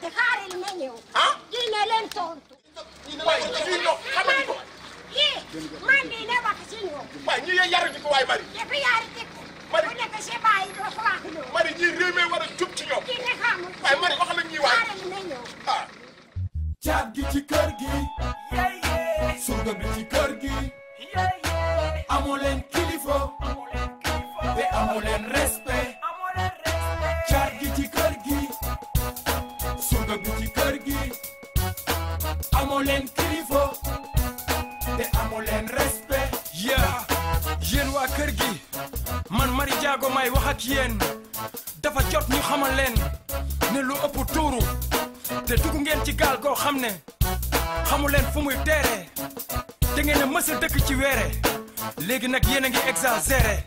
fàtte xaaril ma ñëw. ah dina leen tontu. waay ñuy ne wax ci ñoom. waay yee yaru ji ko waay Marie. yëpp yaari war a ci ñoom. dina xamul. waay Marie wax la ñuy waay xaaril ma gi ci kër gi. yeye. bi ci kër gi. yeye. amoo leen kilifa. amoo amoo leen kilifa te amoo leen yaa yéen waa kër gi man Marie Diago may wax ak yéen dafa jot ñu xamal leen ne lu ëpp tuuru te dugg ngeen ci gaal goo xam ne xamu leen fu muy teere te ngeen a mës a dëkk ci weere léegi nag yéen a ngi exagéré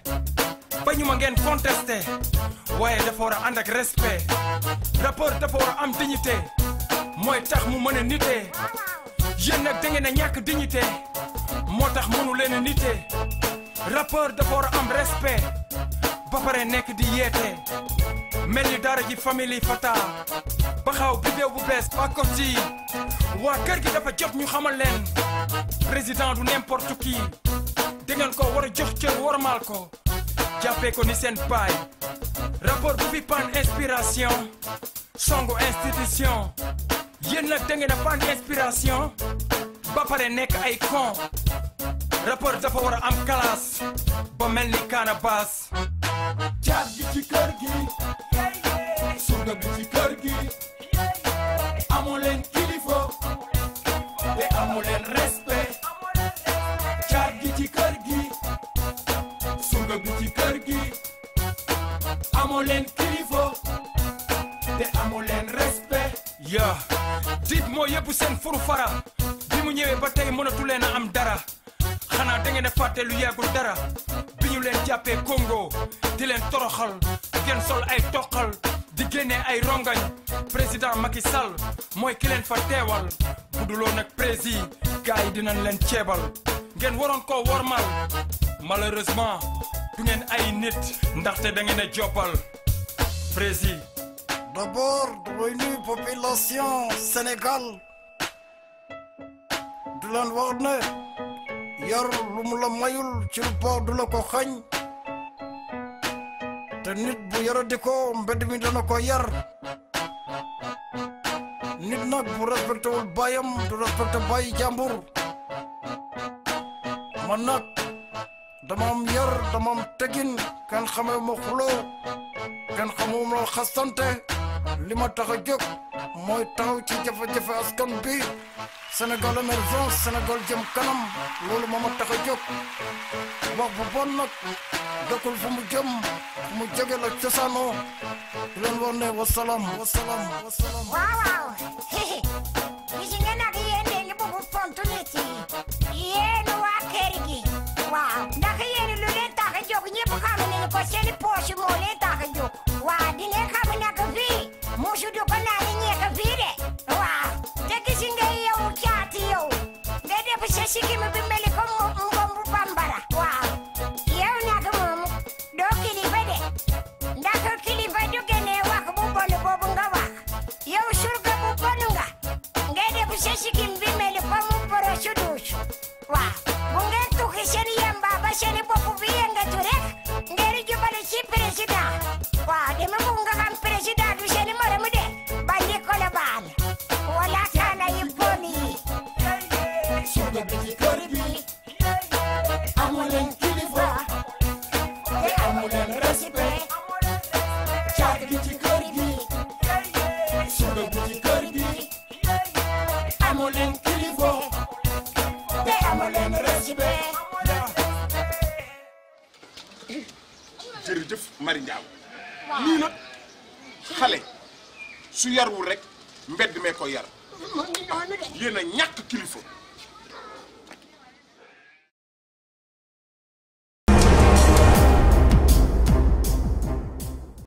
ba ñu ma ngeen contesté waaye dafa war a ànd ak respect dafa war a am dignité. mooy tax mu mën a nitee yéen nag da ngeen a ñàkk dignité moo tax mënu leen a nitee rappeur dafa war a am respect ba pare nekk di yeete mel ni daara ji famille fata ba xaw bidéew bu bees pakot yi waa kër gi dafa jot ñu xamal leen président du n'importe qui dangeen ko war a jox cër warmaal ko jàppee ko ni seen paay rapport bu fi pan inspiration songo institution yéen nag da ngeen a fànn inspiration ba pare nekk ay con rapport dafa war a am classe ba mel ni Canabasse caat gi ci kër gi ci kër gi amoo leen kilifa te leen respect caat gi ci kër gi surga bi ci kër gi amoo leen kilifa diib moo yëbbu seen furu fara bi mu ñëwee ba tey mënatu leen am dara xanaa da ngeen a fàtte lu yàggul dara bi ñu leen jàppee Congo di leen toroxal ngeen sol ay toqal di génnee ay rongañ président Macky Sall mooy ki leen fa teewal bu duloo nag prési gars yi leen ceebal ngeen waroon koo wormal malheureusement du ngeen ay nit ndaxte da ngeen a joppal prési d'abord une population Sénégal du leen wax ne yor lu mu la mayul ci lu du la ko xañ te nit bu yore di ko mbedd mi dana ko yar nit nag bu respecté wul baayam du respecté baayu jàmbur man nag dama yar dama am tegin kenn xamee ma xuloo kenn xamuma xastante li ma tax a jóg mooy taxaw ci jafe askan bi Sénégal émergence Sénégal jëm kanam loolu moo ma tax a jóg wax bu bon dëkkul fu mu jëm fu mu jóge la cosaanoo leen wax ne wasalaam wasalaam waaw waaw gis ngeen nag yéen de li bëgg tontu nit yi yéen waa kër waaw ndax yéen lu leen tax a jóg ñëpp xam nañu ko seen i poche sesikimu bimbeli ko ngombu bambara waaw yow naga moomu doo kilifa de ndax kilifa du gene wax bu bon boobu nga wax yow surga bu bon nga ngay def sesikim bimbeli ko mu boro su duus bu ngeen tukki seen yamba ba seen bopp bi yëngatu rek ngeen jubale ci sooga bi ci kër bi amu leen kilifa te amu leen respect caat bi ci kër gi sooga bi ci kër gi amu leen kilifa te amu leen respect jërëjëf Marie Ndiaw lii nag xale su yarwul rek mbedd mee ko yar yéen a ñàkk kilifa